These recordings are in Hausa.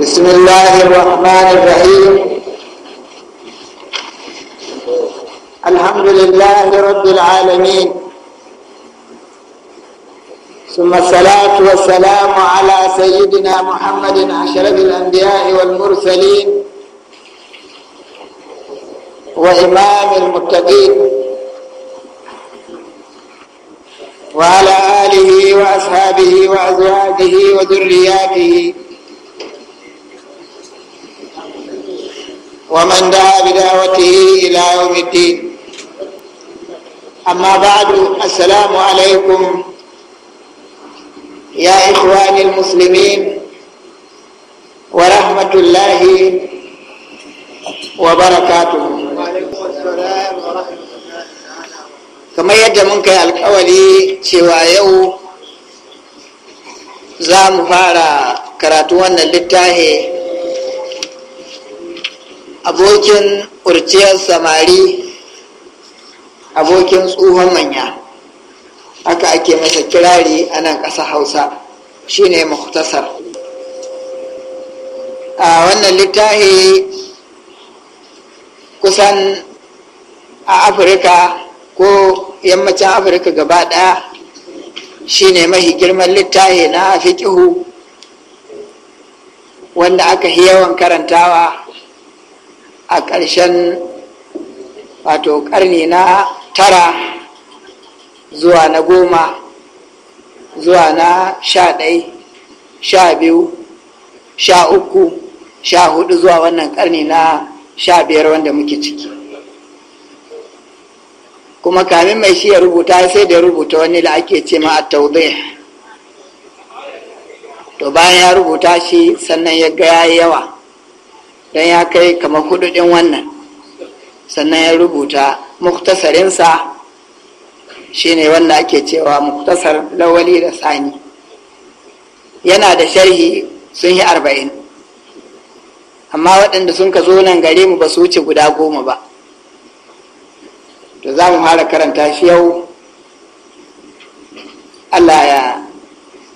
بسم الله الرحمن الرحيم الحمد لله رب العالمين ثم الصلاة والسلام على سيدنا محمد أشرف الأنبياء والمرسلين وإمام المتقين وعلى آله وأصحابه وأزواجه وذرياته ومن دعا بدعوته إلى يوم الدين أما بعد السلام عليكم يا إخواني المسلمين ورحمة الله وبركاته وعليكم السلام ورحمة الله تعالى كما يدمنك القولي سوى يوم za mu fara karatu wannan littafi abokin ƙurciyar samari abokin tsohon manya haka ake masa kirari a nan ƙasa hausa shine muktasar a wannan littafi kusan a afirka ko yammacin afirka gaba ɗaya shine mahi girman littafi na Afikihu, wanda aka yawan karantawa a ƙarshen wato ƙarni na tara zuwa na goma zuwa na sha ɗai sha biyu sha uku sha hudu zuwa wannan ƙarni na sha biyar wanda muke ciki kuma kamin mai shi ya rubuta sai da ya rubuta wani da ake ce ma a to bayan ya rubuta shi sannan ya ga yawa don ya kai kamar hudu din wannan sannan ya rubuta muktasarinsa ne wanda ake cewa muktasar lawali da sani yana da sharhi sun yi arba'in amma waɗanda sun ka zo nan gare mu ba su wuce guda goma ba da za mu fara karanta shi yau allah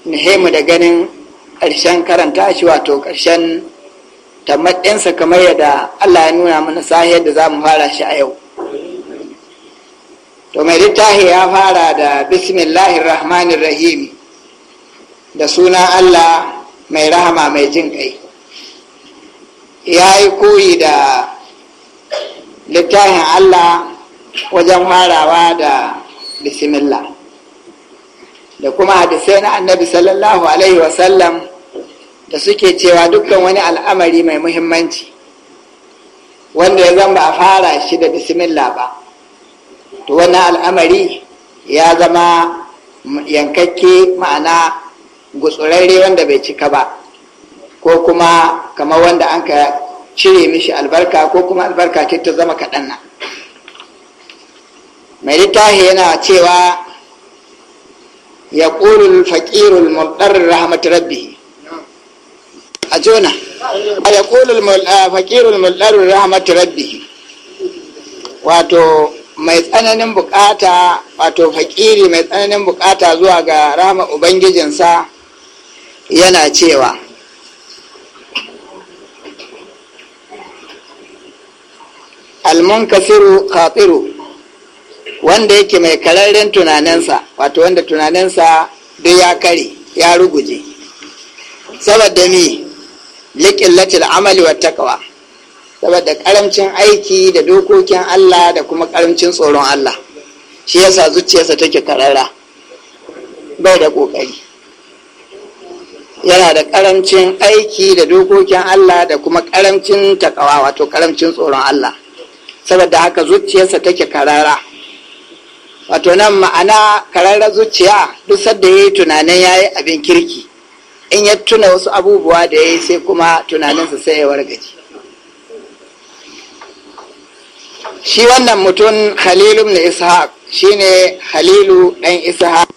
ya mu da ganin ƙarshen karanta shi wato ƙarshen tamadinsa kamar yadda Allah ya nuna mana sahiyar da za mu fara shi a yau to mai littafi ya fara da bismillahir rahmanir rahim da suna Allah mai rahama mai jin kai ya yi koyi da littafin Allah wajen farawa da bismillah da kuma hadisai na annabi sallallahu alaihi wasallam da suke cewa dukkan wani al'amari mai muhimmanci wanda ya zama a fara shi da bismillah ba to wani al'amari ya zama yankakke ma'ana gutsurarre wanda bai cika ba ko kuma kamar wanda an ka cire mishi albarka ko kuma albarka ce ta zama kaɗan nan mai littafi yana cewa ya ƙulul faƙirul murɗar rahmat rabbi a jona a ya kulul ah, faƙirul mulɗarun rahmatu rabbi wato mai tsananin bukata wato fakiri mai tsananin bukata zuwa ga rahama ubangijinsa yana cewa almunkasiru khatiru wanda yake mai kararren tunaninsa wato wanda tunaninsa duk ya kare ya ruguje saboda mi liƙillatil amali wa takawa saboda karamcin aiki da dokokin Allah da kuma karamcin tsoron Allah shi yasa zuciyarsa take karara bai da kokari yana da karamcin aiki da dokokin Allah da kuma karamcin takawa wato karamcin tsoron Allah saboda haka zuciyarsa take karara wato nan ma'ana karara zuciya duk sadda yayi tunanin ya yi abin kirki in ya tuna wasu abubuwa da ya yi sai kuma tunaninsa sai ya wargaji shi wannan mutum halilu na ishaq shine halilu ɗan ishaq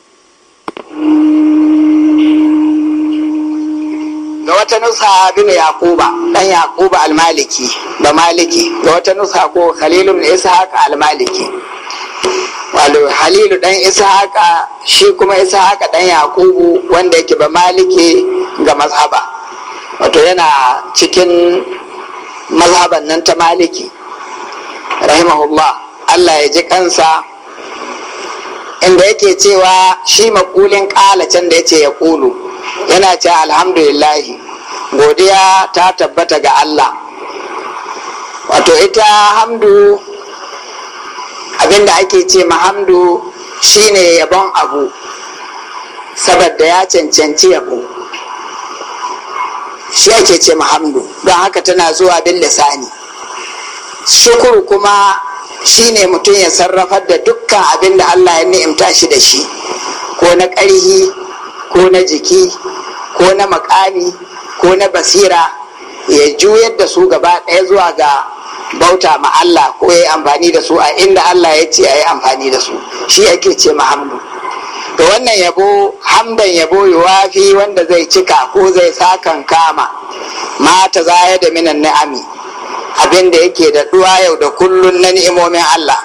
ga wata nusa bin yaquba ɗan yaquba almaliki ba maliki ga wata nusa ko halilu na ishaq almaliki wato halilu dan ishaqa shi kuma ishaqa dan Yakubu wanda yake ba maliki ga mazhaba wato yana cikin mazhaban nan ta maliki rahimahullah Allah ya ji kansa inda yake cewa shi makulin can da yace ya kulu yana ce alhamdulillahi godiya ta tabbata ga Allah wato ita hamdu abinda ake ce mahamdu shine yabon abu saboda ya cancanci yabo shi ake ce mahamdu don haka tana zuwa bin lisani shukuru kuma shine mutum ya sarrafa da dukkan abin da allah ya ni'imta shi da shi ko na ƙarhi ko na jiki ko na makami ko na basira ya juyar da su gaba ɗaya zuwa ga bauta ma Allah ko ya yi amfani da su a inda Allah ya ce ya yi amfani da su shi ake ce ma hamdu da wannan yabo hamdan yabo yawafi wanda zai cika ko zai sakan kama mata ya da minan na'ami abin da yake da duwa yau da kullun na ni'imomin Allah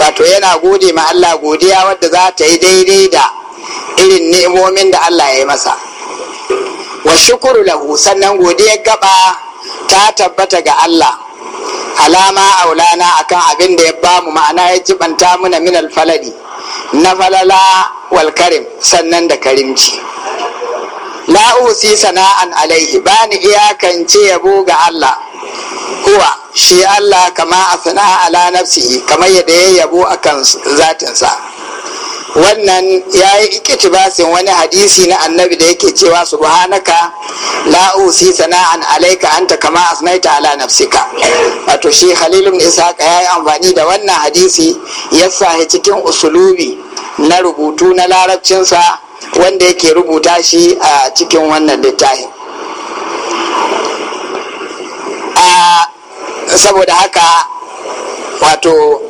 wato yana gode ma Allah godiya wadda za ta yi daidai da irin ni'imomin da Allah ya yi masa wa shukuru lahu sannan godiyar gaba ta tabbata ga Allah alama aulana akan abin da ya bamu ma'ana ya jibanta muna min alfaladi na falala wal karim sannan da karimci la usi sana'an alaihi bani iyakance yabo ga Allah kuwa shi Allah kama a sana'a ala nafsihi kamar yadda ya yabo akan zatinsa wannan ya yi ikitibasin wani hadisi na annabi da yake cewa subhanaka la usi sana'an alaika anta kama asnaita ala nafsika wato shi khalil ibn ishaq ya yi amfani da wannan hadisi ya sahi cikin usulubi na rubutu na larabcinsa wanda yake rubuta shi a cikin wannan littafi. saboda haka wato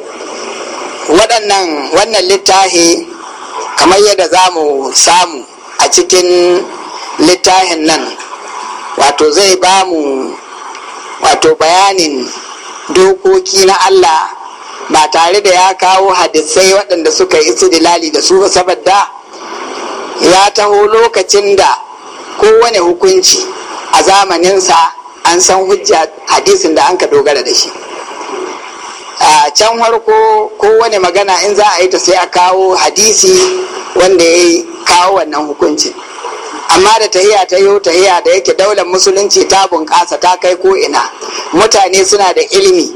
waɗannan wannan littafi kamar yadda za mu samu a cikin littafin nan wato zai ba mu wato bayanin dokoki na Allah ba tare da ya kawo hadisai waɗanda suka yi dilali da su saboda ya taho lokacin da kowane hukunci a zamaninsa an san hujja hadisin da an ka dogara da shi a can harko kowane magana in za a yi ta sai a kawo hadisi wanda ya kawo wannan hukunci. amma da tahiya ta yi tahiya da yake daular musulunci ta bunƙasa ta kai ko ina mutane suna da ilimi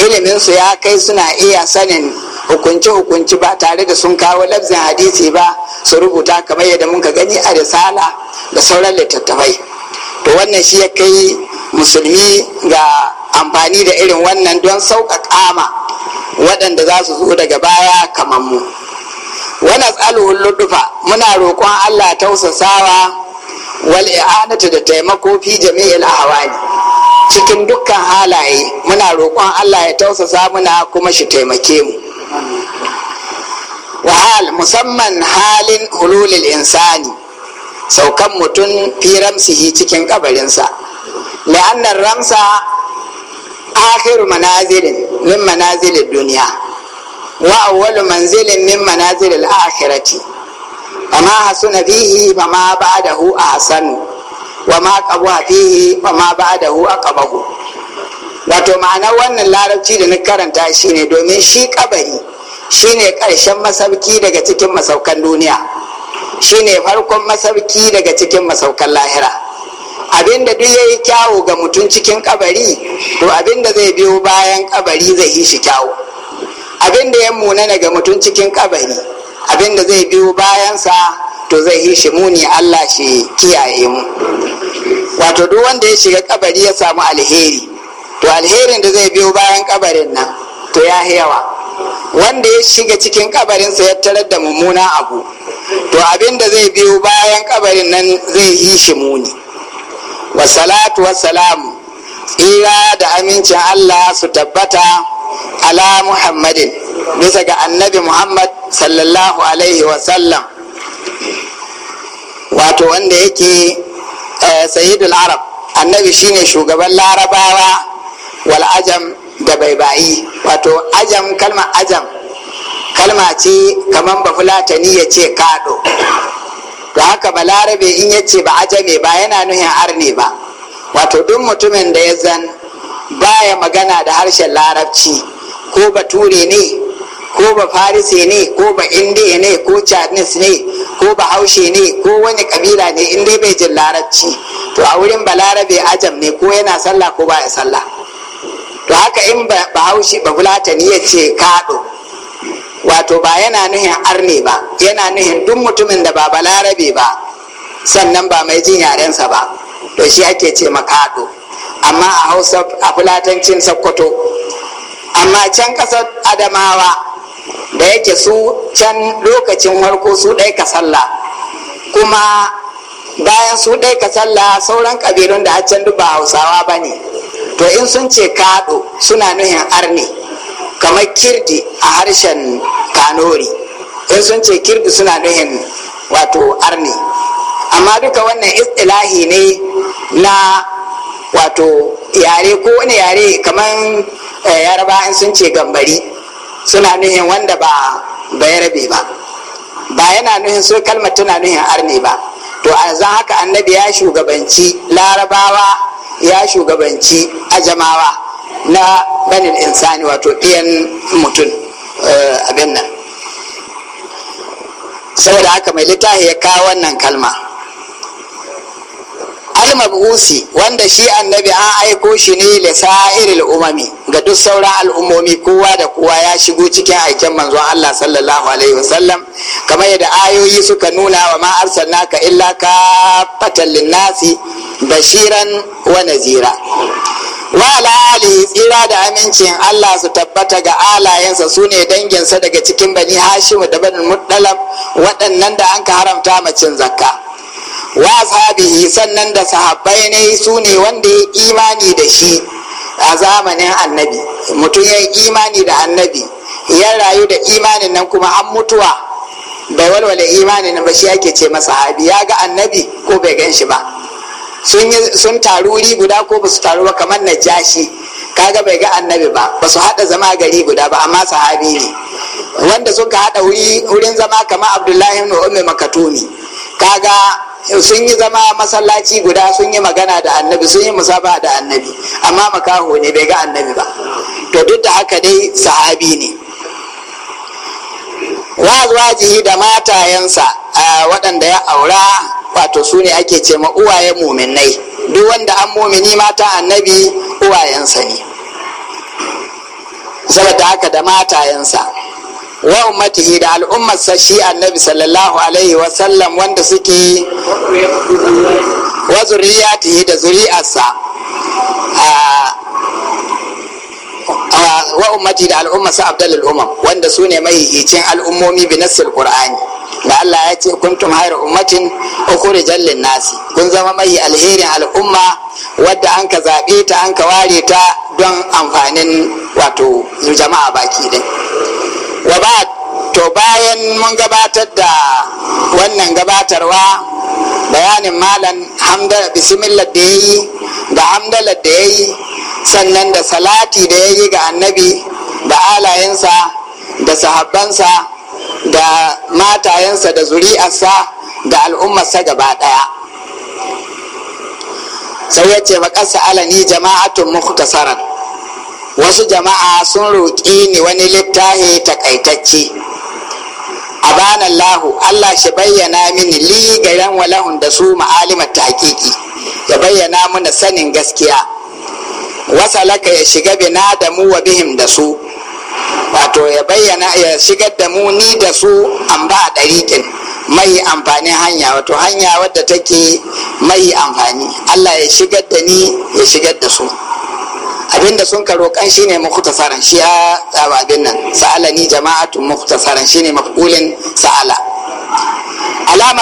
Ilimin su ya kai suna iya sanin hukunci-hukunci ba tare da sun kawo labzin hadisi ba su rubuta kamar yadda muka gani a risala da sauran littattafai to wannan shi ya kai musulmi ga amfani da irin wannan don sauƙaƙa ma waɗanda za su zo daga baya kamar mu wani tsaluhun luddufa muna roƙon allah tausasawa wal i'anatu da taimako fi jami'il ahwali cikin dukkan halaye muna roƙon allah ya tausasa muna kuma shi taimake mu wahal musamman halin hululil insani saukan mutum fi ramsihi cikin kabarinsa la'annar ramsa akhiru manazilin min manazilin duniya wa awwalu manzilin min manazilil akhirati amma hasuna fihi ba ma ba'dahu ahsanu wa ma qabwa fihi ba ma ba'dahu aqabahu wato ma'ana wannan larabci da na karanta shine domin shi kabari shine karshen masauki daga cikin masaukan duniya shine farkon masauki daga cikin masaukan lahira Abin da duk ya yi kyawu ga mutum cikin kabari to abin da zai biyo bayan kabari zai yi shi kyawu Abin da ya munana ga mutum cikin kabari da zai biyo bayansa to zai yi shi muni allah shi kiyaye mu wato duk wanda ya shiga kabari ya samu alheri to alherin da zai biyo bayan kabarin nan to ya yawa wanda ya shiga cikin kabarinsa ya tarar da mummuna abu to abin da zai biyo bayan kabarin nan zai yi shi muni wasalatu wasalam tsira da amincin allah su tabbata ala muhammadin bisa ga annabi muhammad sallallahu alaihi wasallam wato wanda yake eh, sayidul arab annabi shine shugaban larabawa wal ajam da baibayi wato ajam kalmar ajam kalma ce kamar ba fulatani ya ce kado to haka ba Larabe in ya ce ba ajame ba yana nuhin arne ba wato duk mutumin da ya zan baya magana da harshen larabci ko bature ne ko ba farise ne ko ba ne ko chinese ne ko ba haushe ne ko wani kabila ne in dai bai jin larabci to a wurin balarabe ajam ne ko yana sallah ko baya sallah to haka in ba haushe ba fulatani ya ce kado wato ba yana nuhin arne ba yana nuhin duk mutumin da ba balarabe ba sannan ba mai jin yarensa ba to shi ake ce makado amma a hausa a fulatancin sokoto amma can ƙasar adamawa da yake su can lokacin harko su ɗai ka sallah kuma bayan su ɗai ka sallah sauran ƙabilun da can duk hausawa ba ne to in sun ce kaɗo suna nuhin arne kamar kirdi a harshen kanori in sun ce kirdi suna nuhin wato arni amma duka wannan istilahi ne na wato yare ko wani yare kamar eh, yaraba in sun ce gambari suna nuhin wanda ba bayarabe ba ba yana nuhin so kalmar tana nuhin arni ba to a zan haka annabi ya shugabanci larabawa ya shugabanci ajamawa na banin insani wato ɗiyan mutum eh, abin nan saboda haka mai littafi ya kawo wannan kalma almabusi wanda shi annabi an aiko shi ne lisa'iril umami ga duk sauran al'ummomi kowa da kowa ya shigo cikin aikin manzon Allah sallallahu alaihi wasallam kamar yadda ayoyi suka nuna wa ma naka, illa ka fatan linnasi bashiran wa nazira Wa ali tsira da amincin Allah su tabbata ga alayensa su ne danginsa daga cikin bani hashimu da banin muddalab waɗannan da an ka haramta macin zakka wa sahabihi sannan da sahabbai ne su ne wanda ya imani da shi a zamanin annabi mutum ya imani da annabi ya rayu da imanin nan kuma an mutuwa bai walwale imanin nan ba shi yake ce masa ya ga annabi ko bai gan shi ba sun taru wuri guda ko ba su taru ba kamar najashi kaga bai ga annabi ba ba su haɗa zama gari guda ba amma sahabi ne wanda suka haɗa wurin zama kamar abdullahi ibn ummi makatumi kaga sun yi zama masallaci guda sun yi magana da annabi sun yi musaba da annabi amma makaho ne bai ga annabi ba to duk da haka dai sahabi ne wa zuwa da matayensa waɗanda ya aura wato su ne ake ce ma uwayen muminai duk wanda an mumini mata annabi uwayensa ne saboda haka da matayensa wa ummatihi da al'ummarsa shi annabi sallallahu alaihi wasallam wanda suke wa zuriyatihi da zuri'arsa wa ummati da al'ummarsa abdal al'umma wanda su ne mahihicin al'ummomi bi nassil qur'ani da Allah ya ce kuntum hayar ummatin ukuri jallin nasi kun zama mai alherin al'umma wadda an ka zabe ta an ka ware ta don amfanin wato jama'a baki din wa ba to bayan mun gabatar da wannan gabatarwa bayanin malam hamdala bismillah da yayi da hamdala da yayi sannan da salati da yayi ga annabi da alayensa da sahabbansa da matayensa da zuri'arsa da al'ummarsa gaba ɗaya sai ya ce ƙasa alani jama'atun mukhtasaran wasu jama'a sun roƙi ni wani littahi a abana Allahu Allah shi bayyana mini li yan walahun da su ma'alimar taƙiƙi ya bayyana mana sanin gaskiya wasalaka ya shiga bina da mu wa bihim da su wato ya bayyana ya shigar da mu ni da su an ba a mai amfanin hanya wato hanya wadda take mai amfani Allah ya shigar da ni ya shigar da su abinda sun karo kan shine muktasaran shi ya tsawa abin nan sa'ala ni jama'atun muktasaran ne maf'ulin sa'ala ala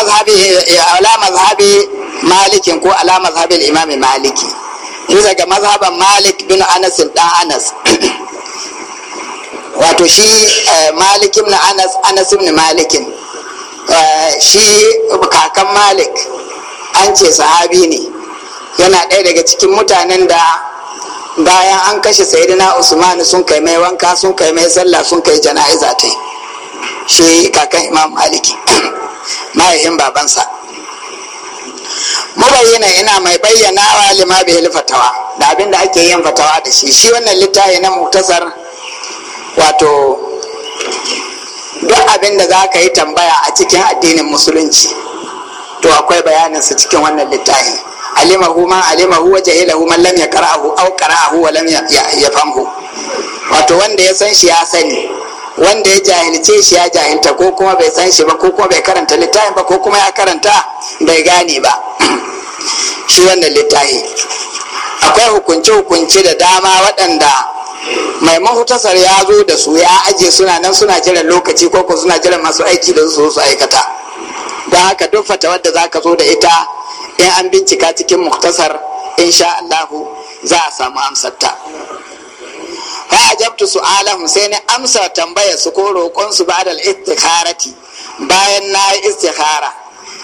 mazhabi malikin ko ala mazhabin imami maliki bisa ga mazhaban malik bin anas dan anas wato shi eh, malikin na anas ibn malikin eh, shi kakan malik an ce sahabi ne yana ɗaya daga cikin mutanen da bayan an kashe sayidina usmanu sun kai mai wanka sun kai mai sallah sun kai jana'iza ta shi kakan imam maliki mahaifin babansa mubayyana ina mai bayyana wa lima fatawa da abinda ake yin fatawa da shi shi wannan littafi na muktasar wato duk abin da za ka yi tambaya a cikin addinin musulunci to akwai bayanin su cikin wannan littafi alimahu ma alimahu wa jahilahu man lam yaqra'ahu aw qara'ahu wa lam yafhamhu wato wanda ya san shi ya sani wanda ya jahilce shi ya jahilta ko kuma bai san shi ba ko kuma bai karanta littafin ba ko kuma ya karanta bai gane ba shi wannan littafi akwai hukunce-hukunce da dama waɗanda mai mahutasar ya zo da su ya aje suna nan suna jiran lokaci ko ko suna jiran masu aiki da su su aikata don haka duk wadda za ka zo da ita in an bincika cikin muktasar insha Allah za a samu amsarta. fa ajabtu su'alahum sai na amsa tambaya su ko roƙon su ba'da al-istikharati bayan na yi istikhara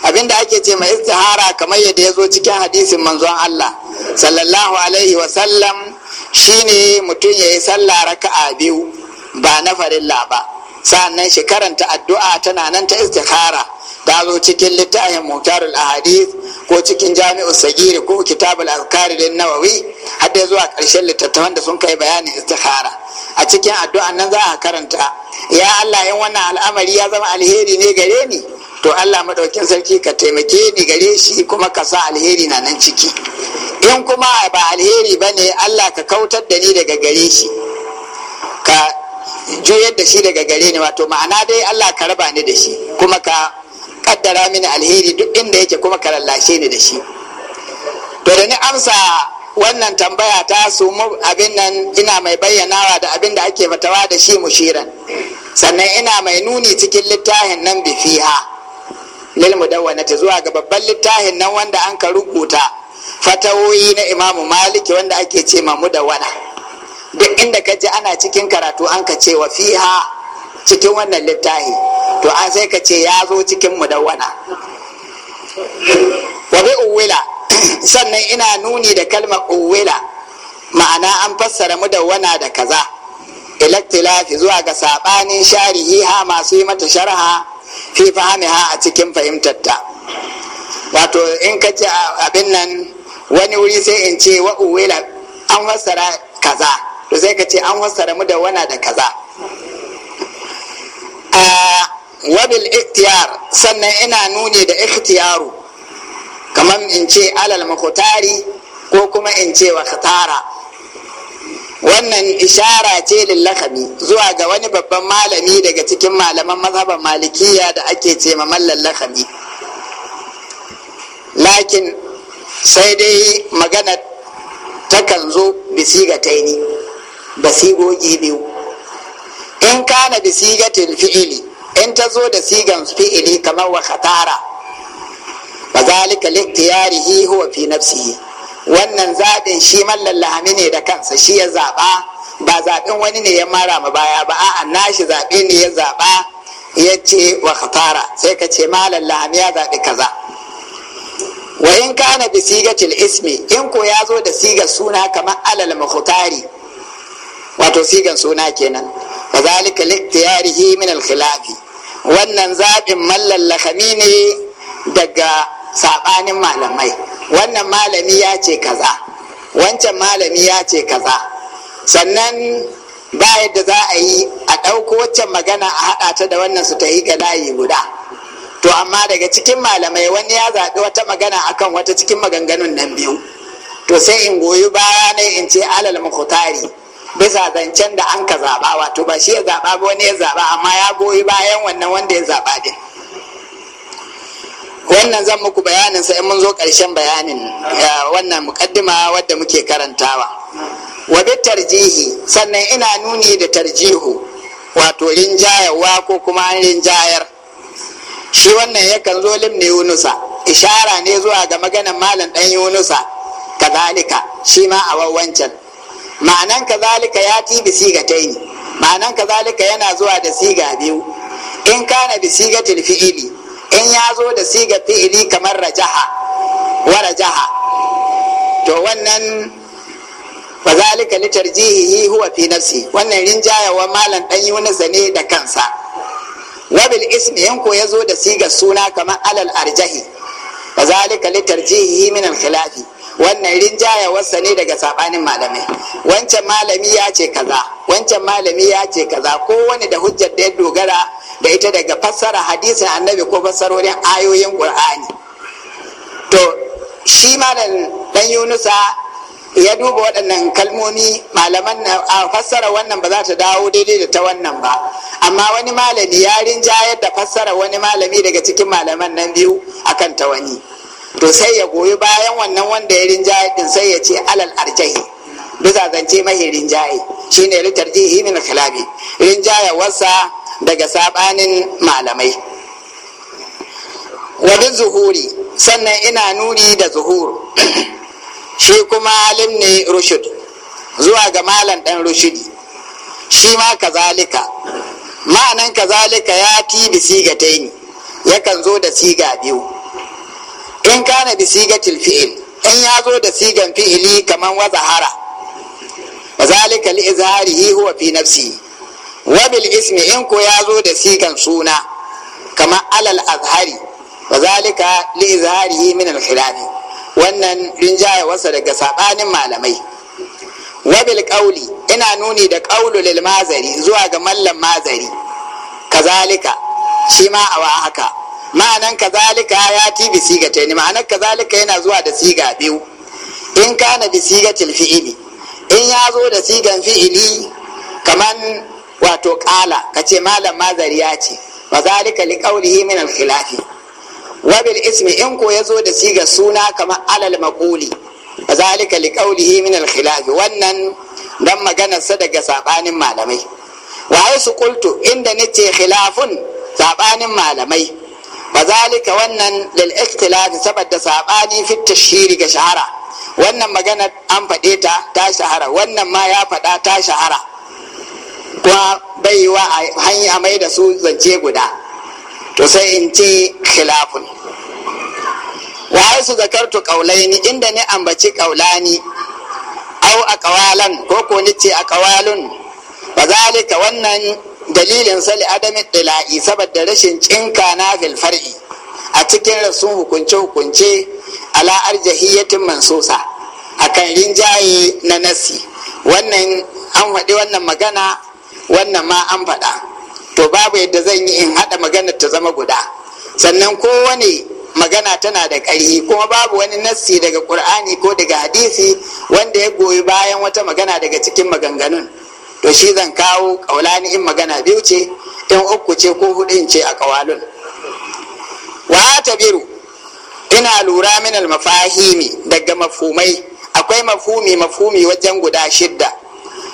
abinda ake ce mai istihara kamar yadda ya zo cikin hadisin manzon Allah sallallahu alaihi wa sallam Shi ne mutum ya yi sallah raka'a biyu ba na farilla ba sannan shi karanta addu'a tana nan ta istikhara ta zo cikin littafin mutarul ahadith ko cikin jami'u sagiri ko kitabul azkari lin nawawi har zuwa ƙarshen littattafan da sun kai bayanin istikhara a cikin addu'a nan za a karanta ya Allah yin wannan al'amari ya zama alheri ne gare ni to Allah madaukin sarki ka taimake ni gare shi kuma ka sa alheri na nan ciki in kuma ba alheri bane ne Allah ka kautar da ni daga gare shi ka juyar da shi daga gare ni wato ma'ana dai Allah ka raba ni da shi kuma ka kaddara mini alheri duk inda yake kuma ka lallashe ni da shi to da ni amsa wannan tambaya ta su abin nan ina mai bayyanawa da abin da ake fatawa da shi mushiran sannan ina mai nuni cikin littafin nan bifiha lil mudawwanati zuwa ga babban littafin nan wanda an ka rubuta fatawoyi na imamu maliki wanda ake ce ma mudawwana duk inda ka ji ana cikin karatu an ka ce wa fiha cikin wannan littafi to an sai ka ce ya zo cikin mudawwana wa bi uwila sannan ina nuni da kalmar uwila ma'ana an fassara mudawwana da kaza ilaktilafi zuwa ga sabanin sharihi ha masu yi mata sharha fi fahimta a cikin fahimtarta wato in ka ce abin nan wani wuri sai in ce wa uwela an fassara kaza to sai ka ce an fassara mu da wana da kaza wabil ikhtiyar sannan ina nuni da ikhtiyaru kamar in ce alal makotari ko kuma in ce wa khatara wannan ishara ce lillakami zuwa ga wani babban malami daga cikin malaman mazhaban malikiya da ake ce mallan lakami. lakin sai dai magana takan zo ga taini sigogi biyu in kana bisigatin fi'ili in ta zo da sigan fi'ili kamar wa khatara ba zalika liktiyarihi huwa fi nafsihi wannan zaɓin shi mallallami ne da kansa shi ya zaɓa ba zaɓen wani ne ya mara ma baya ba a'a nashi zaɓe ne ya zaɓa ya ce wa khatara sai ka ce malallami ya zaɓi kaza wa in kana bi sigatil ismi in ko ya zo da sigar suna kamar alal mukhtari wato sigan suna kenan wa zalika liktiyarihi min al khilafi wannan zaɓin mallallami ne daga saɓanin malamai wannan malami ya ce kaza wancan malami ya ce kaza sannan ba yadda za a yi a ɗauko waccan magana a haɗa ta da wannan su ta yi ga layi guda to amma daga cikin malamai wani ya zaɓi wata magana akan wata cikin maganganun nan biyu to sai in goyi baya ne in ce alal mukhtari bisa zancen da an ka zaɓa wato ba shi ya zaɓa ba wani ya zaɓa amma ya goyi bayan wannan wanda ya zaɓa din wannan zan muku bayanin sai in mun zo ƙarshen bayanin wannan mukaddima wadda muke karantawa wa bi tarjihi sannan ina nuni da tarjihu wato rinjayarwa ko kuma an rinjayar shi wannan yakan zo limni yunusa ishara ne zuwa ga maganan malam dan yunusa kazalika shi ma a wawancan ma'anan kazalika ya ti bi sigataini ma'anan kazalika yana zuwa da siga biyu in kana bi siga fi'ili in ya zo da siga fi'ili kamar rajaha wa rajaha to wannan fa zalika li tarjihihi huwa fi nafsi wannan rinjayawa malam dan Yunus ne da kansa wa bil ismi in ko ya zo da siga suna kamar alal arjahi fa zalika li tarjihihi min al khilafi wannan rinjaya wasa ne daga sabanin malamai wancan malami ya ce kaza wancan malami ya ce kaza wani da hujjar da ya dogara da ita daga fassara hadisin annabi ko fassarorin ayoyin qur'ani to shi malam dan yunusa ya duba waɗannan kalmomi malaman na a fassara wannan ba za ta dawo daidai da ta wannan ba amma wani malami ya rinjayar da fassara wani malami daga cikin malaman nan biyu akan ta wani to sai ya goyi bayan wannan wanda ya rinjaye din sai ya ce alal arjahi bisa zance mahi rinjaye shine litarjihi min khilabi rinjaye wasa daga sabanin malamai wa zuhuri sannan ina nuri da zuhur shi kuma alim ne rushud zuwa ga malam dan rushudi shi ma kazalika ma'anan kazalika ya ti bi sigataini yakan zo da siga biyu in kana bi sigatil fi'il in ya zo da sigan fi'ili kaman wa zahara wa zalika li izharihi huwa fi nafsi wa bil ismi in ko ya zo da sigan suna kaman alal azhari wa zalika li izharihi min al khilafi wannan jaya wasa daga sabanin malamai wa bil qawli ina nuni da qawlu lil mazari zuwa ga mallam mazari kazalika shi ma a haka ma'anan zalika ya ti bi siga ta ma'anan kazalika yana zuwa da siga biyu in ka na bi siga fi'ili in ya zo da sigan fi'ili kaman wato kala kace malam mazari ya ce wa zalika li qawlihi min al khilafi wa bil ismi in ko ya zo da siga suna kaman alal maquli wa zalika li qawlihi min al khilafi wannan dan maganarsa sa daga sabanin malamai wa su qultu inda nace khilafun sabanin malamai fazalika wannan lil ikhtilafi saboda saɓani fi tashiri ga shahara wannan magana an faɗe ta ta shahara wannan ma ya faɗa ta shahara kuma bai yi wa hanya mai da su zance guda to sai in ci khilafun wa su zakartu kaulaini inda ni ambaci kaulani au a ko ko ni ce a wannan dalilin sali adami dila'i saboda rashin cinka na filfar'i a cikin rasu hukunce-hukunce ala arjahiyatin mansusa a kan rinjaye na nasi wannan an waɗi wannan magana wannan ma an faɗa to babu yadda zan yi in haɗa magana ta zama guda sannan kowane magana tana da ƙarfi kuma babu wani nassi daga ƙur'ani ko daga hadisi wanda ya goyi bayan wata magana daga cikin maganganun to shi zan kawo kaulani in magana biyu ce in uku ce ko hudu ce a kawalun wa ta biru. ina lura min almafahimi daga mafhumai akwai mafhumi mafhumi wajen guda shidda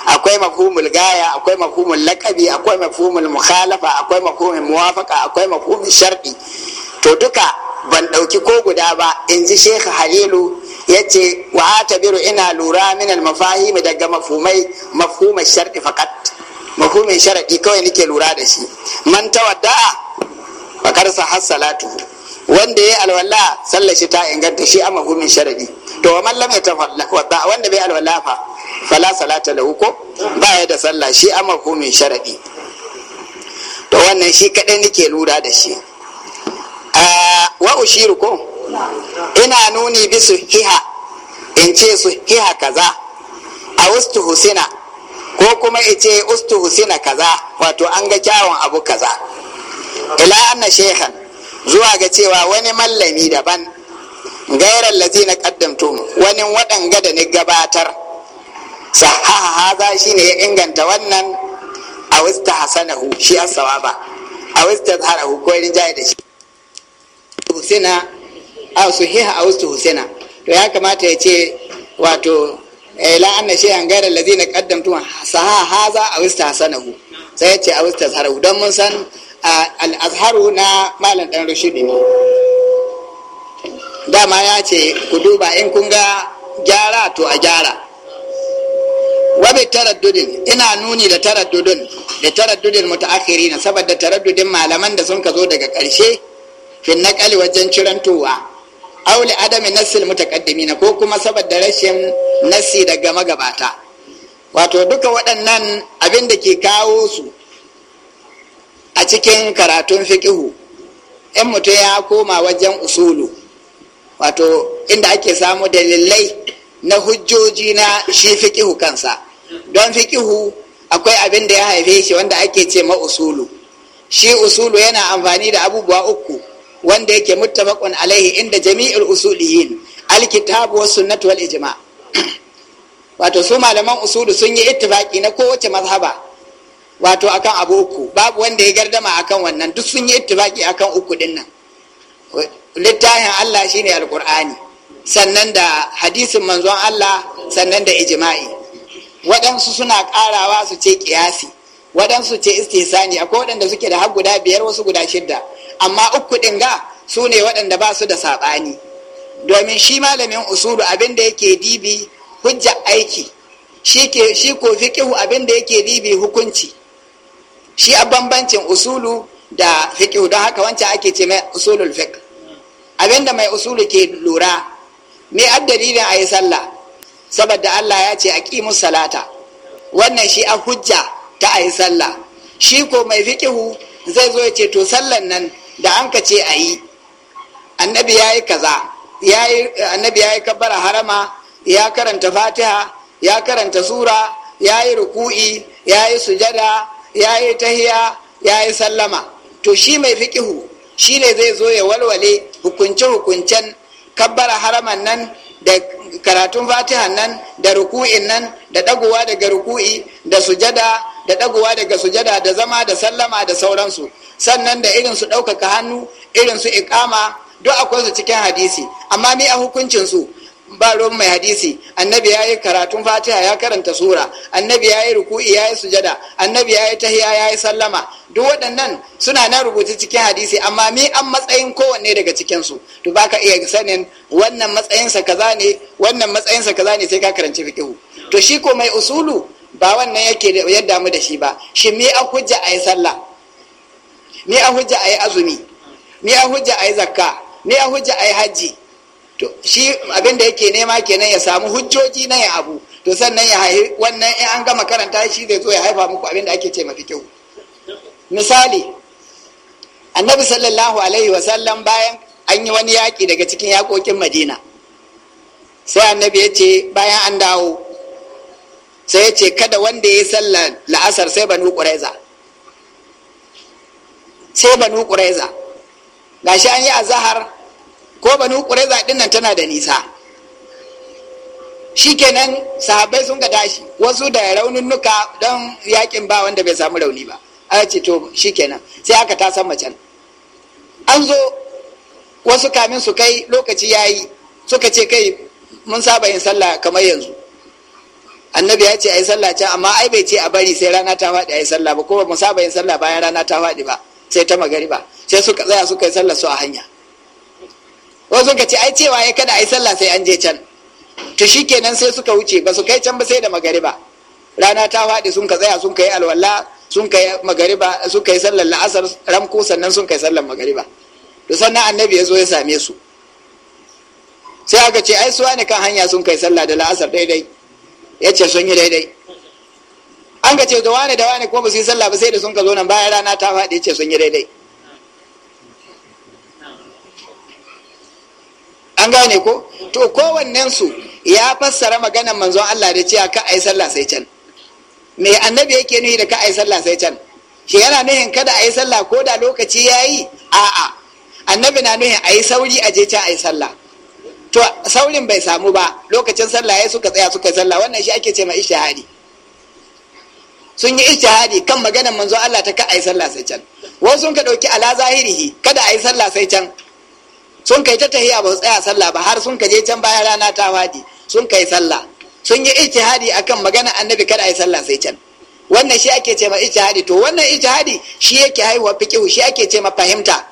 akwai mafhumul gaya akwai mafhumul lakabi akwai mafhumul mukhalafa akwai mafhumul muwafaqa akwai mafhumul sharɗi to duka ban ɗauki ko guda ba in ji shekha halilu yace wa atabiru ina lura min al mafahim daga mafhumai mafhumar shar'i faqat mafhumin shar'i kawai nake lura da shi man tawadda fakar sa hasalatu wanda ya alwala sallar shi ta inganta shi a mafhumin shar'i to wa man lam yatawadda wanda bai alwala fa fala salata lahu ko ba ya da sallah shi a mafhumin shar'i to wannan shi kadai nake lura da shi ah, wa ushiru ko ina nuni bi su hiha in ce su hiha kaza a ustu husina ko kuma in ce ustu husina kaza wato an ga kyawun abu kaza ila anna shekhan zuwa ga cewa wani mallami daban gairar lazi na kaddamtum wani waɗanga da ni gabatar sahaha haza ne ya inganta wannan a wista hasanahu shi ba a wista harahu ko rinjaye da shi husina a su heha a wasu husaina to ya kamata ya ce wato eh, la anna shi an gaira lazi na kaddamtu saha haza a wasu hasanahu sai ya ce a wasu tasarahu don mun san al'azharu na malam dan rushidi ne dama ya ce ku duba in kun ga gyara to a gyara wabi taraddudin ina nuni da taraddudin da taraddudin mutaakhiri saboda taraddudin malaman da sun ka zo daga ƙarshe fin naƙali wajen cirantowa auli adami nasil mutakaddimina ko kuma saboda rashin nasi daga magabata wato duka waɗannan abin da ke kawo su a cikin karatun fiƙihu in mutum ya koma wajen usulu wato inda ake samu dalilai na hujjoji na shi fiƙihu kansa don fiƙihu akwai abin da ya haife shi wanda ake ce ma usulu shi usulu yana amfani da abubuwa uku wanda yake muttafaqun alaihi inda jami'ul usuliyin alkitabu was sunnatu wal ijma wato su malaman usulu sun yi ittifaqi na kowace mazhaba wato akan abu uku babu wanda ya gardama akan wannan duk sun yi ittifaqi akan uku din nan littafin Allah shine alqur'ani sannan da hadisin manzon Allah sannan da ijma'i waɗansu suna ƙarawa su ce kiyasi, waɗansu ce istihsani akwai waɗanda suke da har guda biyar wasu guda shidda amma uku ɗin ga su ne waɗanda ba su da saɓani domin shi malamin usulu abin da yake dibi hujja aiki shi ko fiƙihu abin da yake dibi hukunci shi a bambancin usulu da fiƙihu don haka wancan ake ce mai usulul fiƙ abin da mai usulu ke lura me addalilin a yi sallah saboda allah ya ce a ƙimus salata wannan shi a hujja ta a yi sallah shi ko mai fiƙihu zai zo ya ce to sallan nan da an ka ce a yi annabi ya yi kaza annabi ya yi kabbara harama ya karanta fatiha ya karanta sura ya yi ruku'i ya yi sujada ya yi tahiya ya yi sallama to shi mai fiƙihu shi ne zai zo ya walwale hukunce-hukuncen kabbara haraman nan da karatun fatihan nan da ruku'in nan da ɗaguwa daga ruku'i da sujada da ɗaguwa daga sujada da zama da sallama da sauransu sannan da irin su ɗaukaka hannu irin su ikama duk akwai su cikin hadisi amma mi a hukuncin su ba ruwan mai hadisi annabi ya yi karatun fatiha ya karanta sura annabi ya yi ruku'i ya yi sujada annabi ya yi tahiya ya yi sallama duk waɗannan suna nan rubuta cikin hadisi amma mi an matsayin kowanne daga cikin su to baka iya sanin wannan matsayinsa kaza ne wannan matsayinsa kaza ne sai ka karanci fiqhu to shi ko mai usulu ba wannan yake yadda mu da shi ba shi me a hujja a sallah me a hujja a azumi me a hujja a zakka me a hujja a yi hajji to shi abin da yake nema kenan ya samu hujjoji na ya abu to sannan ya haifi wannan in an gama karanta shi zai zo ya haifa muku abin da ake ce mafi kyau misali annabi sallallahu alaihi wasallam bayan an yi wani yaƙi daga cikin yaƙokin madina sai annabi ya ce bayan an dawo sai ya ce kada wanda ya yi sallar la'asar sai banu ƙuraiza sai banu ƙuraiza gashi an yi azahar ko banu ƙuraiza din tana da nisa shikenan sahabbai sun ga tashi wasu da raunin nuka don yakin ba wanda bai samu rauni ba a ce to kenan sai aka ta san macen an zo wasu kamin su kai lokaci yayi suka ce kai mun saba yin sallah kamar yanzu annabi ya ce a yi sallah can amma ai bai ce a bari sai rana ta faɗi a yi sallah ba ko ba musaba yin sallah bayan rana ta faɗi ba sai ta magariba sai suka tsaya suka yi sallah su a hanya wasu suka ce ai cewa ya kada a yi sallah sai an je can to kenan sai suka wuce ba su kai can ba sai da magariba rana ta faɗi sun ka tsaya sun ka yi alwala sun ka yi magariba sun ka yi sallar la'asar ramko sannan sun ka yi sallar magariba to sannan annabi ya zo ya same su sai aka ce ai suwa ne kan hanya sun kai sallah da la'asar daidai ya ce sun yi daidai an ka ce da wane da wane ko ba su yi sallah ba sai da sun ka zo nan bayan rana ta faɗi ya ce sun yi daidai an gane ko to kowannen su ya fassara maganan manzon Allah da cewa ka yi sallah sai can me annabi yake nuhi da ka yi sallah sai can shi yana nuhin kada a yi sallah ko da lokaci yayi a'a annabi na nuhin yi sauri a je can a yi sallah to saurin bai samu ba lokacin sallah ya suka tsaya suka sallah wannan shi ake ce ma ishtihadi sun yi ishtihadi kan maganar manzo Allah ta ka ayi sallah sai can wa sun ka dauki ala zahirihi kada ayi sallah sai can sun kai ta tahiya ba su tsaya sallah ba har sun ka je can bayan rana ta wadi sun kai sallah sun yi ijtihadi akan magana annabi kada ayi sallah sai can wannan shi ake ce ma ijtihadi to wannan ijtihadi shi yake haihuwa fiqhu shi ake ce ma fahimta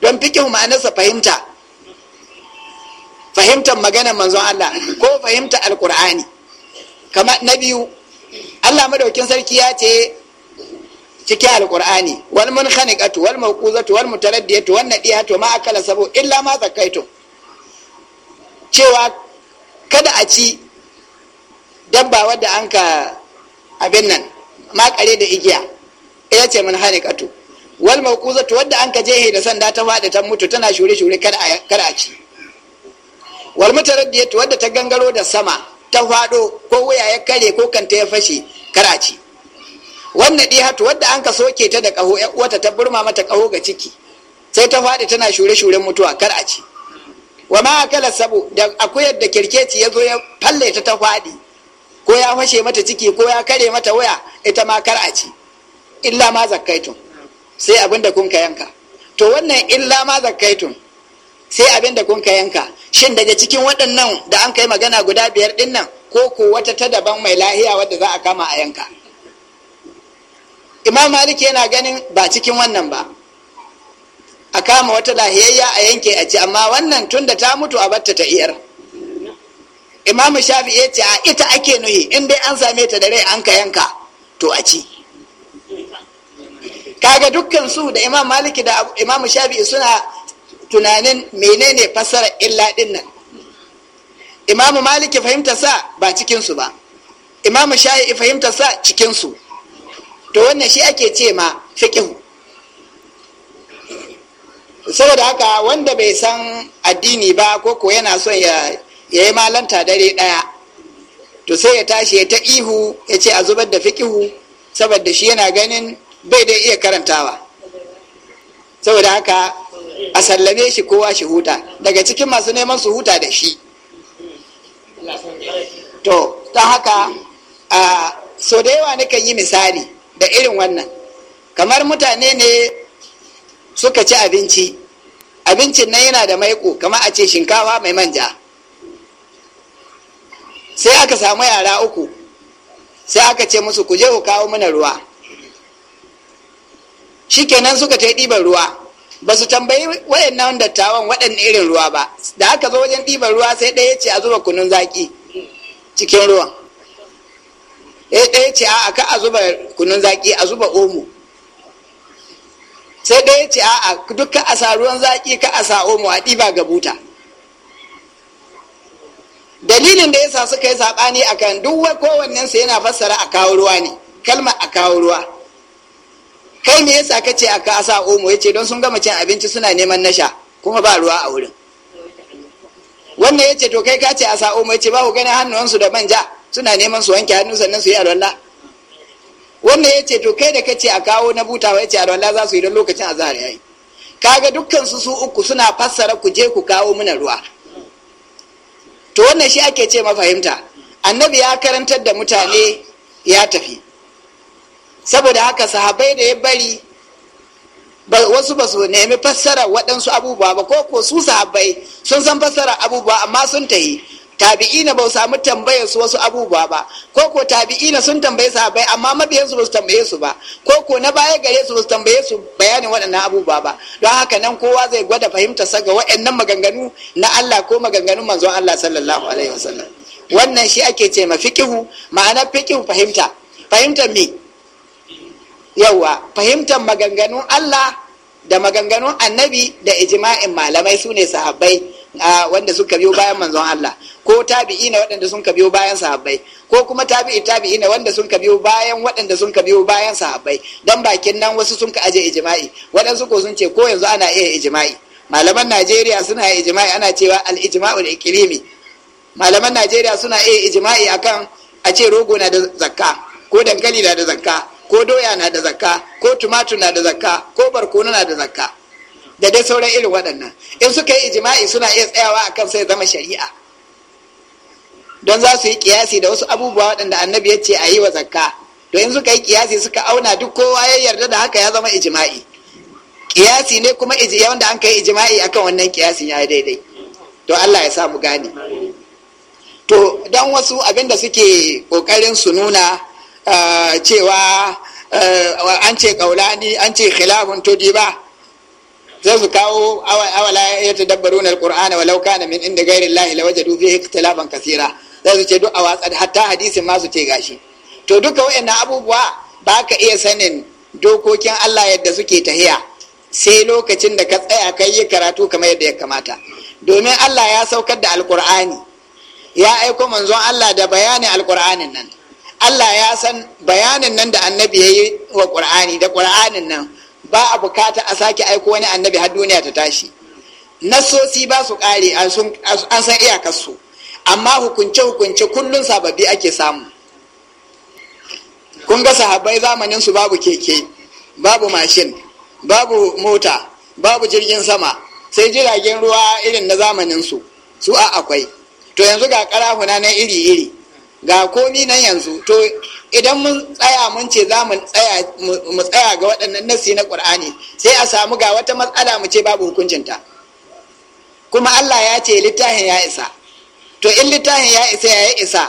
don fiqhu ma'anarsa fahimta fahimtar maganar manzon Allah ko fahimtar alkur'ani kama na biyu Allah madaukin sarki ya ce cikin alkur'ani wal khaniqatu wal mawquzatu wal mutaraddiyatu wan nadiyatu ma akala sabu illa ma zakaitu cewa kada a ci dabba wadda an ka abin nan makare da igiya ya ce munkhaniqatu wal mawquzatu wadda an ka jehe da sanda ta faɗi ta mutu tana shure shure kada a ci wal mutaraddiyatu wadda ta gangaro da sama ta fado ko waya ya kare ko kanta ya fashe karaci wannan dihatu wadda an ka soke ta da kaho yan uwata ta burma mata kaho ga ciki sai ta fadi tana shure shuren mutuwa karaci wa ma akala sabu da akuyar da kirkeci ya zo ya falle ta ta fadi ko ya fashe mata ciki ko ya kare mata waya ita ma karaci illa ma zakkaitun sai abin da kun ka yanka to wannan illa ma zakkaitun sai abin da kun ka yanka shin daga cikin waɗannan da an kai magana guda biyar ɗin ko ko wata ta daban mai lahiya wadda za a kama a yanka imam malik yana ganin ba cikin wannan ba a kama wata lahiyayya a yanke a ci amma wannan tun da ta mutu a batta ta iyar imam shafi ya ce a ita ake nuhi in dai an same ta da rai an ka yanka to a ci kaga dukkan su da imam maliki da imam shafi suna tunanin menene fassara illa din nan imamu maliki fahimta sa ba cikinsu ba imamu shafi'i fahimta sa cikinsu to wannan shi ake ce ma fiƙihu saboda haka wanda bai san addini ba ko ko yana son ya yi malanta dare ɗaya to sai ya tashi ya ta ihu ya ce a zubar da fiƙihu saboda shi yana ganin bai da iya karantawa saboda haka a sallame shi kowa shi huta daga cikin masu neman su huta da shi to ta haka a so da yawa nakan yi misali da irin wannan kamar mutane ne suka ci abinci abincin nan yana da maiko kamar a ce shinkawa mai manja sai aka samu yara uku sai aka ce musu ku je ku kawo mana ruwa shikenan suka ta ɗiban ruwa ba su tambayi wayannan dattawan waɗanne irin ruwa ba da aka zo wajen ɗiban ruwa sai ɗaya ce a zuba kunun zaki cikin ruwan eh, ɗaya ce a ka a zuba kunun zaki a zuba omo sai ɗaya ce a duk ka a sa ruwan zaki ka a sa omo a ɗiba ga buta dalilin da yasa suka yi saɓani akan duk kowannen yana fassara a kawo ruwa ne kalmar a kawo ruwa kai me yasa kace aka asa omo yace don sun gama cin abinci suna neman nasha kuma ba ruwa a wurin wannan yace to kai kace asa omo yace ba ku gani hannuwansu da manja suna neman su wanke hannu sannan su yi alwala wannan yace to kai da kace a kawo na butawa yace alwala za su yi don lokacin azhar yayi kaga dukkan su su uku suna fassara ku je ku kawo mana ruwa to wannan shi ake ce mafahimta annabi ya karantar da mutane ya tafi saboda haka sahabai da ya bari wasu ba su nemi fassara waɗansu abubuwa ba ko su sahabai sun san fassara abubuwa amma sun tahi tabi'ina ba su samu tambayar su wasu abubuwa ba ko ko tabi'ina sun tambaye sahabai amma mabiyansu ba su tambaye su ba ko ko na baya gare su ba su tambaye su bayanin waɗannan abubuwa ba don haka nan kowa zai gwada fahimta saga waɗannan maganganu na Allah ko maganganun manzon Allah sallallahu alaihi wasallam wannan shi ake ce ma ma'ana fiqihu fahimta fahimta me Yawwa fahimtar maganganun Allah da maganganun annabi da ijma'in malamai su ne sahabbai wanda suka biyo bayan manzon Allah ko tabi'i na waɗanda sun ka biyo bayan sahabbai ko kuma tabi'i tabi'i na wanda sun ka biyo bayan waɗanda sun ka biyo bayan sahabbai dan bakin nan wasu sun ka aje ijma'i waɗansu ko sun ce ko yanzu ana iya ijma'i malaman Najeriya suna iya ijma'i ana cewa al-ijma'ul iklimi malaman Najeriya suna iya ijma'i akan a ce rogo na da zakka ko dankali na da zakka ko doya na da zakka ko tumatur na da zakka ko barkono na da zakka da dai sauran irin waɗannan in suka yi ijima'i suna iya tsayawa akan sai zama shari'a don za su yi kiyasi da wasu abubuwa waɗanda annabi ya ce a yi wa zakka to in suka yi kiyasi suka auna duk kowa ya yarda da haka ya zama ijima'i kiyasi ne kuma wanda an kai ijima'i akan wannan kiyasin ya daidai to Allah ya sa mu gane to dan wasu abinda suke kokarin su nuna ah, cewa Eh, an ce kaulani an ce khilafun tudi ba Zai su kawo awala ya dabbaru na wa lauka na min inda ghairi llahi lawajadu fihi ikhtilafan kasira Zai su ce duk a watsa hatta hadisin ma su ce gashi to duka na abubuwa ba ka iya sanin dokokin Allah yadda suke tahiya sai lokacin da ka tsaya kai yi karatu kamar yadda ya kamata domin Allah ya saukar da alƙur'ani ya aiko manzon Allah da bayanin alƙur'anin nan Allah ya san bayanin nan da annabi ya yi wa ƙur'ani da ƙur'anin nan ba a bukata a sake aiko wani annabi har duniya ta tashi nassosi ba su ƙare an san iyakarsu amma hukunce-hukunce kullum sababbi ake samu kun ga sahabbai zamanin su babu keke babu mashin babu mota babu jirgin sama sai jiragen ruwa irin na zamanin su su a akwai to yanzu ga karahuna na iri-iri ga komi nan yanzu to idan mun tsaya mun ce za mu tsaya ga waɗannan nasi na ƙur'ani sai a samu ga wata matsala mu ce babu hukuncinta kuma allah ya ce littafin ya isa to in littafin ya isa ya isa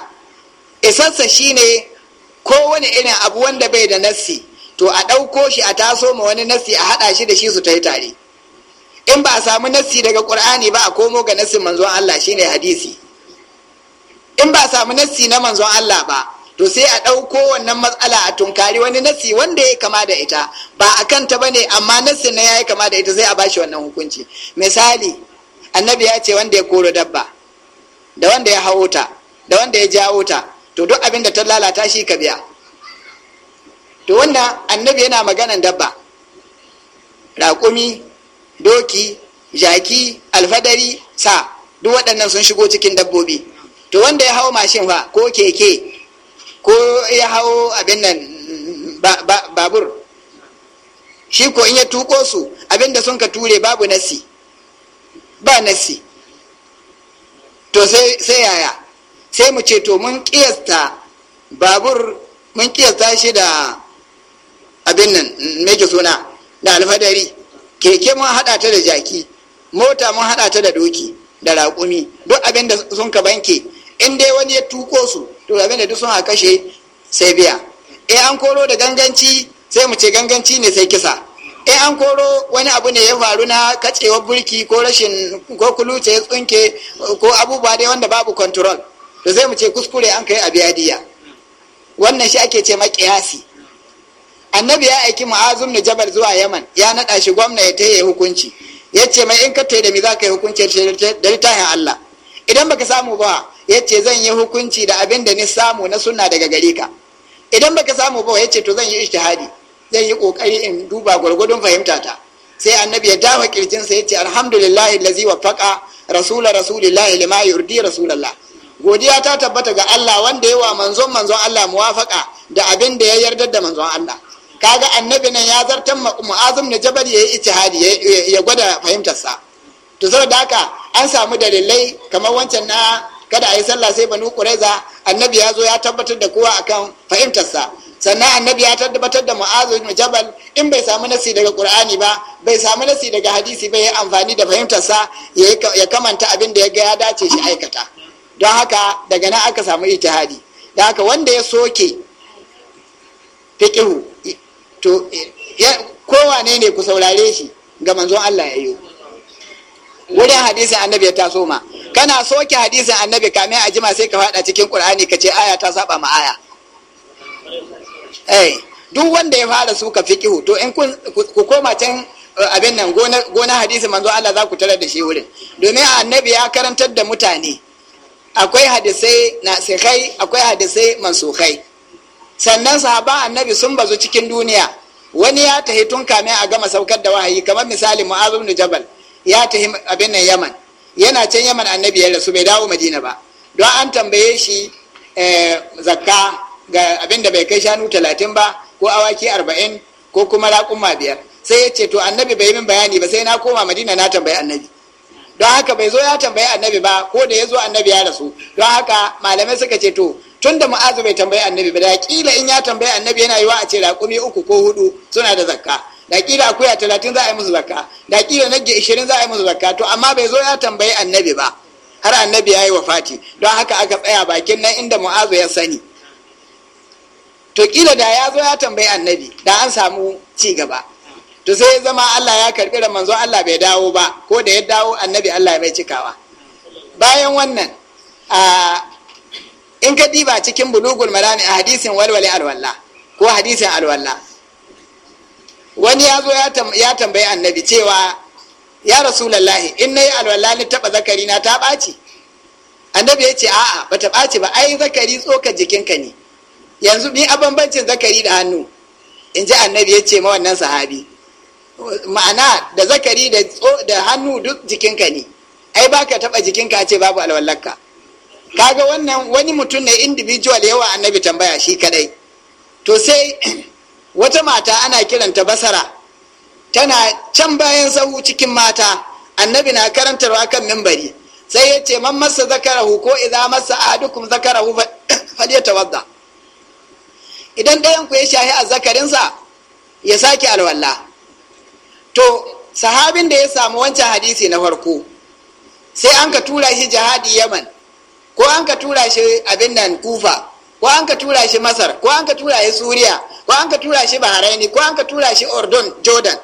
isarsa shi shine kowane irin abu wanda bai da nassi to a ɗauko shi a taso ma wani nassi a haɗa shi da shi su ta yi tare in ba a samu nassi daga ƙur'ani ba a komo ga nassin manzon allah shine hadisi in ba samu nassi na manzon Allah ba to sai a ɗauko wannan matsala a tunkari wani nassi wanda ya kama da ita ba a kanta ba ne amma nassi na ya yi kama da ita sai a ba bashi wannan hukunci misali annabi ya ce wanda ya koro dabba da wanda ya hawo ta da wanda ya jawo ta to duk abin da ta lalata shi ka biya to wannan annabi yana maganan dabba raƙumi doki jaki alfadari sa duk waɗannan sun shigo cikin dabbobi to wanda ya hau mashin ba ko keke ko ya hau abin nan babur shi ko in ya tuko su abin da sun ka ture babu nasi ba nasi to sai yaya sai mu ce to mun kiyasta babur mun kiyasta shi da abin nan meke suna da alfadari keke mun hada ta da jaki mota mun hada ta da doki da raƙumi duk abin da sun ka banke in dai wani ya tuko su to abin da duk sun a kashe sai biya eh an koro da ganganci sai mu ce ganganci ne sai kisa eh an koro wani abu ne ya faru na kacewar burki ko rashin ko kuluce ya tsunke ko abubuwa dai wanda babu control to sai mu ce kuskure an kai abiyadiya wannan shi ake ce makiyasi annabi ya aiki mu'azum na jabal zuwa yaman ya naɗa shi gwamna ya taya hukunci ya ce mai in ka taya da mi za ka yi hukunci da littafin allah idan baka samu ba Yace zan yi hukunci da abin da ni samu na sunna daga gare ka idan baka samu ba yace to zan yi ijtihadi zan yi kokari in duba gurgurdun fahimta ta sai annabi ya dawo kirjin sa yace alhamdulillahi allazi wafaqa rasul rasulillahi lima yurdi rasulullah godiya ta tabbata ga Allah wanda ya wa manzon manzon Allah muwafaqa da abin da ya yarda da manzon Allah kaga annabi nan ya zartan mu'azim na jabal yayi ijtihadi ya gwada fahimtarsa to saboda haka an samu dalilai kamar wancan na kada a yi sallah sai banu ƙureza annabi ya zo ya tabbatar da kowa akan fahimtarsa sannan annabi ya tabbatar da mu'azu ibn jabal in bai samu nasi daga qur'ani ba bai samu nasi daga hadisi ba ya amfani da fahimtarsa ya kamanta abin da ya ga ya dace shi aikata don haka daga nan aka samu ijtihadi da haka wanda ya soke fiqhu to kowane ne ku saurare shi ga manzon Allah ya yi wurin hadisin annabi ya taso ma kana soke hadisin annabi kame a jima sai ka fada cikin qur'ani ka ce aya ta saba ma aya eh duk wanda ya fara suka fiqihu to in kun ku koma can eh, abin nan gona hadisi manzo Allah za ku tare da shi wurin domin annabi ya karantar da mutane akwai hadisai na nasikhai akwai hadisai mansukhai sannan sahaba annabi sun bazu cikin duniya wani ya tahi tun kamin a gama saukar da wahayi kamar misali mu'azu ibn jabal ya tahi abin nan yaman yana can yaman annabi ya rasu bai dawo madina ba don an tambaye shi eh, zakka ga abin da bai kai shanu talatin ba ko awaki arba'in ko kuma raƙumma biyar sai ya ce to annabi bai min bayani ba sai na koma madina na tambayi annabi don haka bai zo ya tambayi annabi ba ko da ya zo annabi ya rasu don haka malamai suka ce to tun da mu'azu bai tambayi annabi ba da kila in ya tambayi annabi yana yiwa a ce raƙumi uku ko hudu suna da zakka da kila akuya talatin za a yi musu zakka da kila nagge ishirin za a yi musu zakka to amma bai zo ya tambayi annabi ba har annabi ya yi wa Fati. don haka aka tsaya bakin nan inda mu'azu ya sani to kila da ya zo ya tambayi annabi da an samu ci gaba to sai ya zama Allah ya karbi da manzo Allah bai dawo ba ko da ya dawo annabi Allah ya mai cikawa bayan wannan a in ka diba cikin bulugul marani a hadisin walwale alwallah ko hadisin alwallah wani ya zo ya tambayi annabi cewa ya rasulallahi in na yi alwala ni taɓa zakari na ta ɓaci annabi ya ce a'a ba ta ɓaci ba ai zakari tsokar jikinka ne yanzu ni a zakari da hannu in ji annabi ya ce ma wannan sahabi ma'ana da zakari da hannu duk jikinka ne ai ba ka taɓa jikinka a ce babu alwallarka kaga wannan wani mutum ne individual yawa annabi tambaya shi kadai to sai wata mata ana kiranta basara tana can bayan sahu cikin mata annabi na karantarwa kan mimbari sai ya ce man masa zakarahu ko idan masa ahadukum zakarahu wadda. idan ɗayan ku ya shahi a zakarinsa ya sake alwala to sahabin da ya samu wancan hadisi na farko sai an ka tura shi jihadi yaman ko an ka tura shi abin nan kufa ko an ka tura shi masar ko an ka tura shi suriya ko an ka tura shi bahraini ko an ka tura shi ordon jordan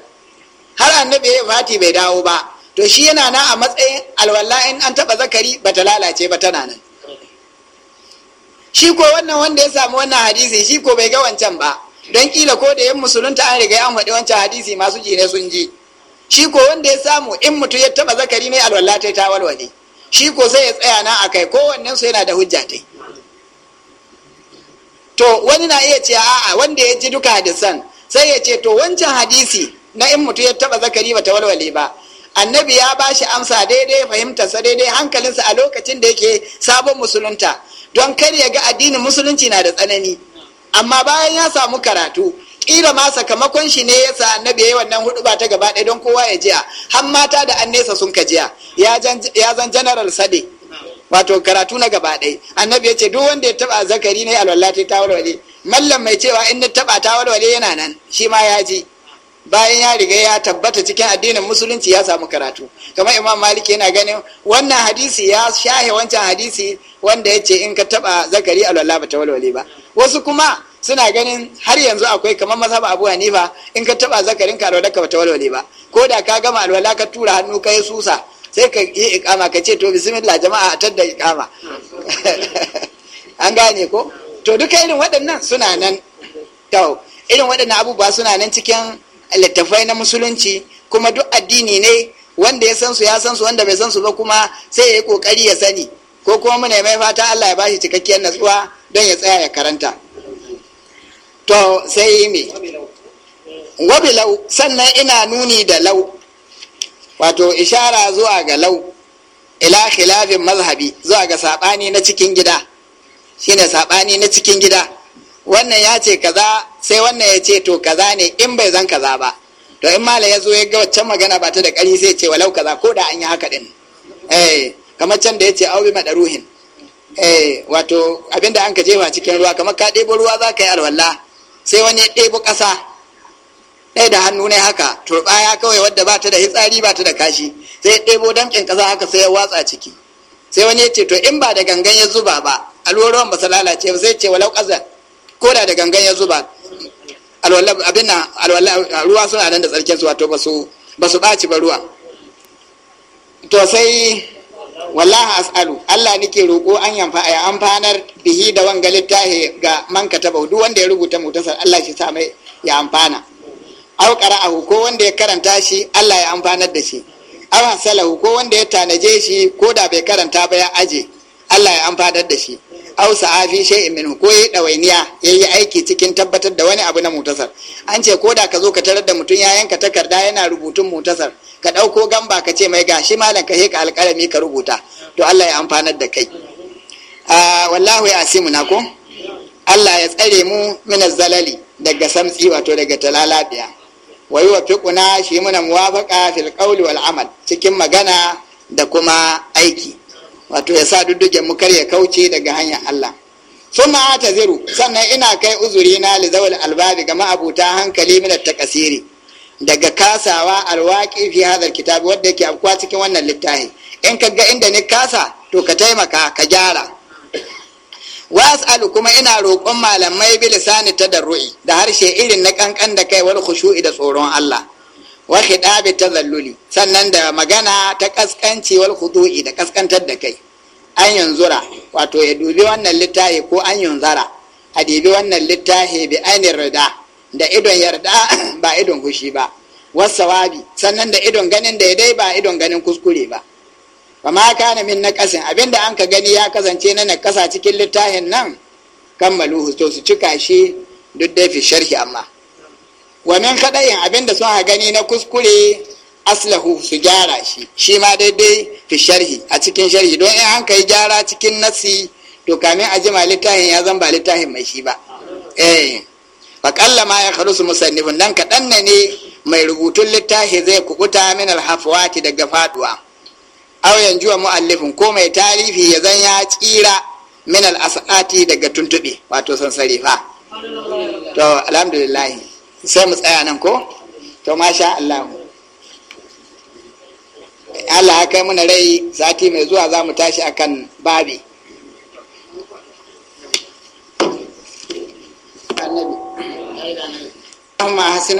har annabi ya fati bai dawo ba to shi yana na a matsayin alwala in an taba zakari bata lalace ba tana nan shi ko wannan wanda ya samu wannan hadisi shi ko bai ga wancan ba don kila ko da yan musulunta an riga an haɗe wancan hadisi masu ji sun ji shi ko wanda ya samu in mutum ya taba zakari ne alwala ta ta walwale shi ko sai ya tsaya na akai wannan su yana da hujja tai to wani na iya ce a'a wanda ya ji duka hadisan sai ya ce to wancan hadisi na in mutum ya taba zakari bata walwale ba annabi ya ba shi amsa daidai sa daidai hankalinsa a lokacin da yake sabon musulunta don kar ya ga addinin musulunci na da tsanani amma bayan ya samu karatu kila ma sakamakon shi ne yasa annabi yi wannan hudu ba ta gaba ɗaya don kowa ya jiya har mata da annesa sun ka jiya, ya zan general sade wato karatu na gaba ɗaya annabi ya ce duk wanda ya taba zakari ne alwala ta ta warware mallam mai cewa in na taba ta warware yana nan shi ma ya ji bayan ya riga ya tabbata cikin addinin musulunci ya samu karatu kamar imam maliki yana ganin wannan hadisi ya shahe wancan hadisi wanda ya ce in ka taba zakari alwala ba ta ba wasu kuma suna ganin har yanzu akwai kamar mazhab abu hanifa in ka taba zakarin ka alwala ka ba ta walwale ba ko da ka gama alwala ka tura hannu ka yi susa sai ka yi ikama ka ce to bismillah jama'a a tadda ikama an gane ko to duka irin waɗannan suna nan tau irin waɗannan abubuwa suna nan cikin littattafai na musulunci kuma duk addini ne wanda ya san su ya san su wanda bai san su ba kuma sai ya yi kokari ya sani ko kuma muna mai fata Allah ya bashi cikakkiyar natsuwa don ya tsaya ya karanta to sai me lau sannan ina nuni da lau wato ishara zuwa ga lau ila khilafin mazhabi zuwa ga saɓani na cikin gida shine saɓani na cikin gida wannan ya ce kaza sai wannan ya ce to kaza ne in bai zan kaza ba to in malam ya zo ya ga waccan magana ba ta da ƙari sai ce walau kaza ko da an yi haka din eh kamar can da ya ce aubi madaruhin eh wato abinda an ka jefa cikin ruwa kamar ka ɗebo ruwa za ka yi alwala sai wani ya ɗebo ƙasa ɗaya da hannu ne haka turɓaya kawai wadda ba ta da hitsari ba ta da kashi sai ya ɗebo damƙin ƙasa haka sai ya watsa ciki sai wani ya ce to in ba da gangan ya zuba ba alwaruwan ba su lalace ba sai ce walau ƙasa ko da da gangan ya zuba abin na ruwa suna nan da tsarkin su wato ba su ɓaci ba ruwa to sai wallahi as'alu Allah nake roƙo an yamfa a amfanar bihi da wanga littafi ga man kataba duk wanda ya rubuta mutasar Allah shi sa mai ya amfana aw qara'ahu ko wanda ya karanta shi Allah ya amfanar da shi aw hasalahu ko wanda ya tanaje shi ko da bai karanta ba ya aje Allah ya amfanar da shi aw sa'afi shay'in minhu ko yayi dawainiya yayi aiki cikin tabbatar da wani abu na mutasar an ce ko da ka zo ka tarar da mutum ya yanka takarda yana rubutun mutasar ka ɗauko gamba ka ce mai gashi malam ka heka alƙalami ka rubuta to Allah ya amfanar da kai wallahu ya asimu na ko Allah ya tsare mu mina zalali daga samtsi wato daga talala ɗaya wa fiƙuna shi muna muwafaqa fil qawli wal amal cikin magana da kuma aiki wato ya sa duddugen mu kar ya kauce daga hanyar Allah ta ziru sannan ina kai uzuri na li zawal albabi ga ma'abuta hankali min takasiri daga kasawa alwaqi fi hadal wadda wanda yake afkwa cikin wannan littafi in ka ga inda ni kasa to ka taimaka ka gyara was'alu kuma ina roƙon malamai bi lisani tadarru'i da harshe irin na kankan da kai wal khushu'i da tsoron Allah wa khidabi tazalluli sannan da magana ta kaskanci wal khudu'i da kaskantar da kai an yanzura wato ya dubi wannan littafi ko an yanzara a dubi wannan littafi bi ainin rida da idon yarda ba idon hushi ba wasawabi sannan da idon ganin daidai ba idon ganin kuskure ba fa ma kana min naqasin abinda an ka gani ya kasance na naqasa cikin littafin nan kammalu to su cika shi duk dai fi sharhi amma wa min kadayin abinda sun ha gani na kuskure aslahu su gyara shi shi ma daidai fi sharhi a cikin sharhi don in an ka yi gyara cikin nasi to kamin a jima littafin ya zan ba littafin mai shi ba eh kalla ma ya karusu musannifun dan kaɗan ne mai rubutun littafi zai kubuta min alhafawati daga faduwa yanzu yanjuwa mu'allifin ko mai tarihi ya zan ya tsira min al daga tuntuɓe wato sansari fa to alhamdulillah sai mu tsaya nan ko to masha Allah Allah kai muna rai sati mai zuwa za mu tashi akan babi Amma na حسن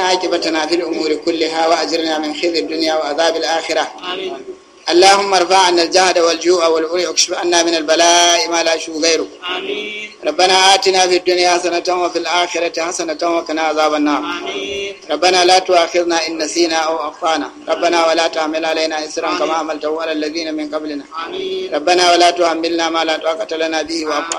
umuri kulle hawa a واجرنا من خزي duniya وعذاب الاخره آمين. اللهم ارفع عنا الجهد والجوع والعري واكشف عنا من البلاء ما لا شو غيره آمين ربنا آتنا في الدنيا حسنة وفي الآخرة حسنة وقنا عذاب النار آمين ربنا لا تؤاخذنا إن نسينا أو أخطأنا ربنا ولا تحمل علينا إسرا كما عملته على الذين من قبلنا آمين ربنا ولا تحملنا ما لا طاقة لنا به وأفعل